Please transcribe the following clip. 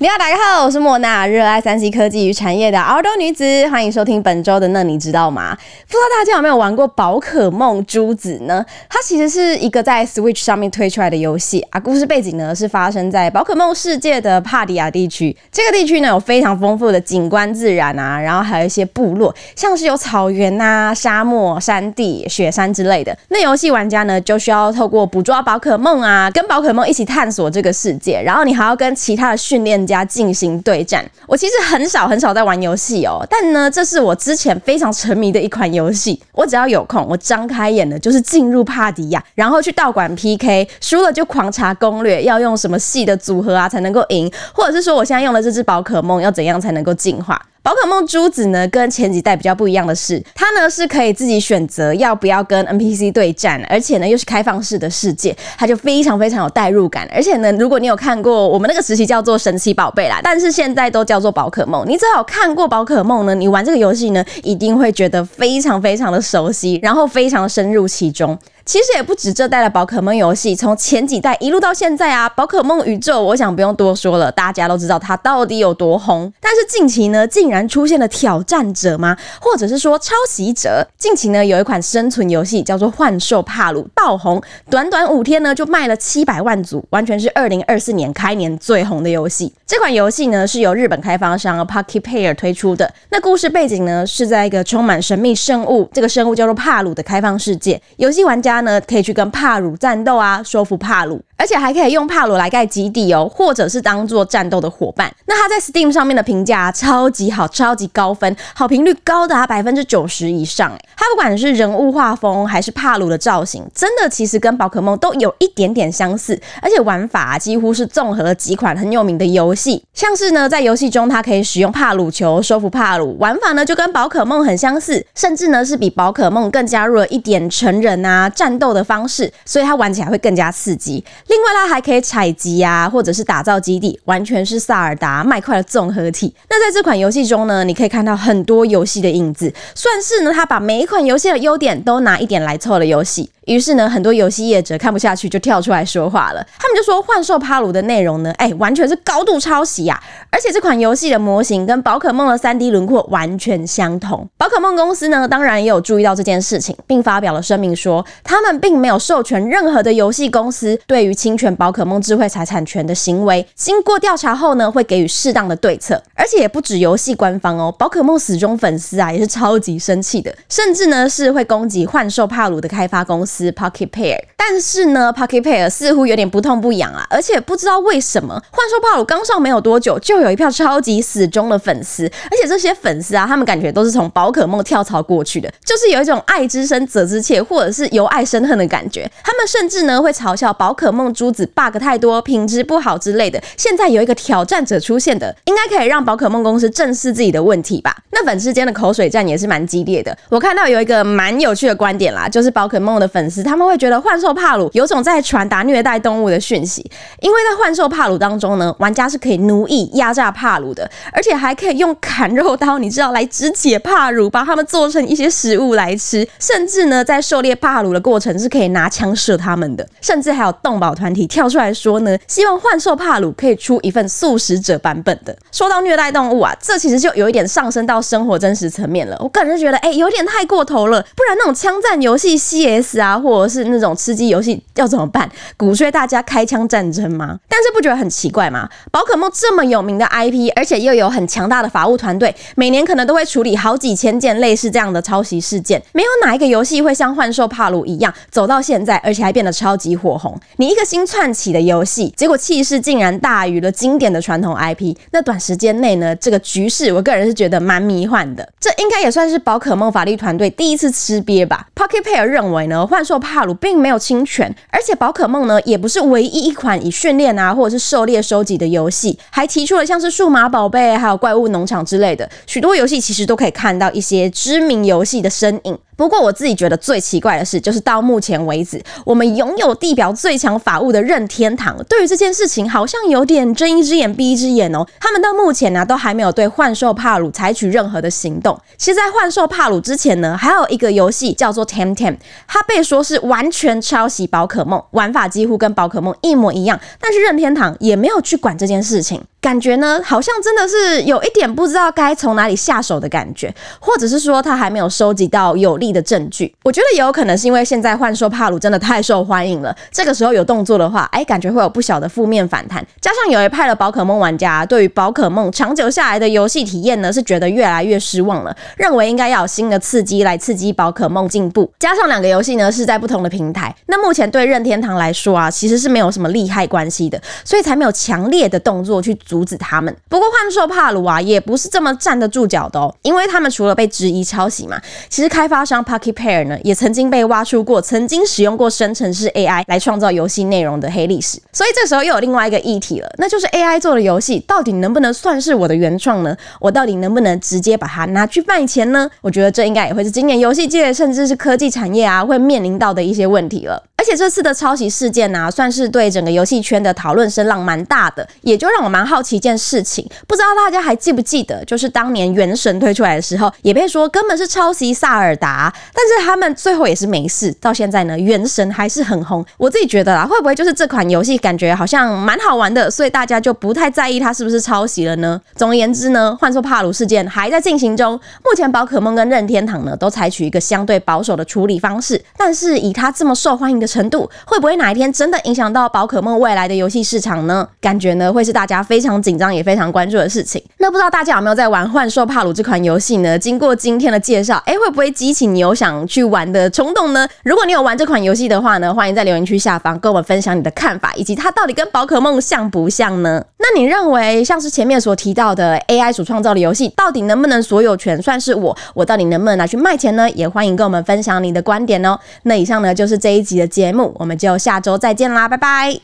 你好，大家好，我是莫娜，熱愛三 C 科技與產業的澳洲女子，歡迎收聽本周的那你知道嗎？不知道大家有沒有玩過寶可夢朱紫呢？它其實是一個在 Switch 上面推出來的遊戲啊，故事背景呢是發生在寶可夢世界的帕迪亞地區。這個地區呢有非常豐富的景觀自然啊，然後還有一些部落，像是有草原啊、沙漠、山地、雪山之類的。那遊戲玩家呢就需要透過捕捉寶可夢啊，跟寶可夢一起探索這個世界，然後你還要跟其他的訓練者家進行對戰，我其實很少很少在玩遊戲哦，但呢，這是我之前非常沉迷的一款遊戲。我只要有空，我張開眼呢就是進入帕底亞，然後去道館 PK，輸了就狂查攻略，要用什麼系的組合啊才能夠贏，或者是說我現在用的這隻寶可夢要怎樣才能夠進化。寶可夢朱紫呢，跟前幾代比較不一樣的是，它呢是可以自己選擇要不要跟 NPC 對戰，而且呢又是開放式的世界，它就非常非常有代入感。而且呢，如果你有看過我們那個時期叫做神奇寶貝啦，但是現在都叫做寶可夢，你只要看過寶可夢呢，你玩這個遊戲呢，一定會覺得非常非常的熟悉，然後非常深入其中。其實也不止這代的寶可夢遊戲，從前幾代一路到現在啊，寶可夢宇宙，我想不用多說了，大家都知道它到底有多紅。但是近期呢，竟然出現了挑戰者嗎？或者是說抄襲者？近期呢，有一款生存遊戲叫做《幻獸帕魯》爆紅，短短五天呢就賣了七百萬組，完全是二零二四年開年最紅的遊戲。這款遊戲呢是由日本開發商 Pocket Pair 推出的。那故事背景呢是在一個充滿神秘生物，這個生物叫做帕魯的開放世界，遊戲玩家。他呢，可以去跟帕魯戰鬥啊，說服帕魯。而且還可以用帕魯來蓋基地哦，或者是當作戰鬥的夥伴。那他在 Steam 上面的評價啊，超級好，超級高分，好評率高達百分之九十以上。哎，他不管是人物畫風，還是帕魯的造型，真的其實跟寶可夢都有一點點相似。而且玩法啊，幾乎是綜合了幾款很有名的遊戲，像是呢，在遊戲中它可以使用帕魯球收服帕魯，玩法呢就跟寶可夢很相似，甚至呢是比寶可夢更加入了一點成人啊戰鬥的方式，所以它玩起來會更加刺激。另外，它還可以採集呀，啊，或者是打造基地，完全是薩爾達麥塊的綜合體。那在這款遊戲中呢，你可以看到很多遊戲的影子，算是呢，它把每一款遊戲的優點都拿一點來湊的遊戲。於是呢，很多遊戲業者看不下去，就跳出來說話了。他們就說，《幻獸帕魯》的內容呢，哎，完全是高度抄襲呀！而且這款遊戲的模型跟寶可夢的 3D 輪廓完全相同。寶可夢公司呢，當然也有注意到這件事情，並發表了聲明說，他們並沒有授權任何的遊戲公司對於侵權寶可夢智慧財產權的行為。經過調查後呢，會給予適當的對策。而且也不止遊戲官方哦，寶可夢死忠粉絲啊，也是超級生氣的，甚至呢，是會攻擊《幻獸帕魯》的開發公司。Pocket Pair，但是呢，Pocket Pair 似乎有點不痛不癢啊，而且不知道為什麼，幻獸帕魯剛上沒有多久，就有一票超級死忠的粉絲，而且這些粉絲啊，他們感覺都是從寶可夢跳槽過去的，就是有一種愛之深責之切，或者是由愛生恨的感覺。他們甚至呢，會嘲笑寶可夢珠子 bug 太多、品質不好之類的。現在有一個挑戰者出現的，應該可以讓寶可夢公司正視自己的問題吧？那粉絲間的口水戰也是蠻激烈的。我看到有一個蠻有趣的觀點啦，就是寶可夢的粉絲。他們會覺得《幻獸帕魯》有種在傳達虐待動物的訊息，因為在《幻獸帕魯》當中呢，玩家是可以奴役、壓榨帕魯的，而且還可以用砍肉刀，你知道來肢解帕魯，把他們做成一些食物來吃，甚至呢，在狩獵帕魯的過程是可以拿槍射他們的，甚至還有動保團體跳出來說呢，希望《幻獸帕魯》可以出一份素食者版本的。說到虐待動物啊，這其實就有一點上升到生活真實層面了。我個人覺得，哎、欸，有點太過頭了，不然那種槍戰遊戲 CS 啊。啊，或者是那種吃雞遊戲要怎麼辦？鼓吹大家開槍戰爭嗎？但是不覺得很奇怪嗎？寶可夢這麼有名的 IP，而且又有很強大的法務團隊，每年可能都會處理好幾千件類似這樣的抄襲事件。沒有哪一個遊戲會像幻獸帕魯一樣走到現在，而且還變得超級火紅。你一個新竄起的遊戲，結果氣勢竟然大於了經典的傳統 IP。那短時間內呢，這個局勢，我個人是覺得蠻迷幻的。這應該也算是寶可夢法律團隊第一次吃鱉吧？Pocket Pair 認為呢？幻《幻獸帕魯》並沒有侵權，而且《寶可夢》呢也不是唯一一款以訓練啊或者是狩獵收集的遊戲，還提出了像是《數碼寶貝》還有《怪物農場》之類的許多遊戲，其實都可以看到一些知名遊戲的身影。不過我自己覺得最奇怪的是，就是到目前為止，我們擁有地表最強法務的任天堂，對於這件事情好像有點睜一隻眼閉一隻眼哦、喔。他們到目前呢、啊，都還沒有對幻獸帕魯採取任何的行動。其實，在幻獸帕魯之前呢，還有一個遊戲叫做 Temtem，它被說是完全抄襲寶可夢，玩法幾乎跟寶可夢一模一樣，但是任天堂也沒有去管這件事情。感覺呢，好像真的是有一點不知道該從哪裡下手的感覺，或者是說他還沒有收集到有力的證據。我覺得也有可能是因為現在幻獸帕魯真的太受歡迎了，這個時候有動作的話，哎、欸，感覺會有不小的負面反彈。加上有一派的寶可夢玩家、啊、對於寶可夢長久下來的遊戲體驗呢，是覺得越來越失望了，認為應該要有新的刺激來刺激寶可夢進步。加上兩個遊戲呢是在不同的平台，那目前對任天堂來說啊，其實是沒有什麼利害關係的，所以才沒有強烈的動作去做。阻止他們。不過幻獸帕魯啊，也不是這麼站得住腳的哦，因為他們除了被質疑抄襲嘛，其實開發商 Pocket Pair 呢也曾經被挖出過曾經使用過生成式 AI 來創造遊戲內容的黑歷史。所以這時候又有另外一個議題了，那就是 AI 做的遊戲到底能不能算是我的原創呢？我到底能不能直接把它拿去賣錢呢？我覺得這應該也會是今年遊戲界甚至是科技產業啊會面臨到的一些問題了。而且這次的抄襲事件呢、啊，算是對整個遊戲圈的討論聲浪蠻大的，也就讓我蠻好。好奇一件事情，不知道大家還記不記得，就是當年《原神》推出來的時候，也被說根本是抄襲《薩爾達》，但是他們最後也是沒事。到現在呢，《原神》還是很紅。我自己覺得啦，會不會就是這款遊戲感覺好像蠻好玩的，所以大家就不太在意它是不是抄襲了呢？總而言之呢，幻獸帕魯事件還在進行中，目前《寶可夢》跟《任天堂》呢都採取一個相對保守的處理方式，但是以它這麼受歡迎的程度，會不會哪一天真的影響到《寶可夢》未來的遊戲市場呢？感覺呢會是大家非常非常緊張也非常關注的事情。那不知道大家有沒有在玩《幻獸帕魯》這款遊戲呢？經過今天的介紹，哎、欸，會不會激起你有想去玩的衝動呢？如果你有玩這款遊戲的話呢，歡迎在留言區下方跟我們分享你的看法，以及它到底跟寶可夢像不像呢？那你認為像是前面所提到的 AI 所創造的遊戲，到底能不能所有權算是我？我到底能不能拿去賣錢呢？也歡迎跟我們分享你的觀點哦、喔。那以上呢就是這一集的節目，我們就下周再見啦，拜拜。